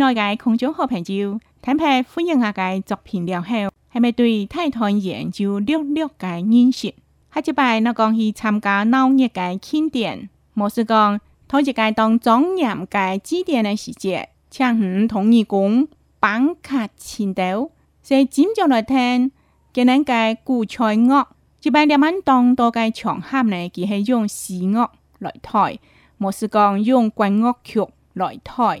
外界控住好朋友，坦白歡迎外界作評了後，係咪對大團圓就略略嘅認識？下就拜那個去參加鬧熱的慶典，莫是講同一個當莊嚴嘅祭奠的時節，唱響同一歌，版刻前導，就係今朝來聽，今日嘅鼓吹樂，一般人們當多嘅場合呢，佢係用西樂來台，莫是講用國樂曲來台。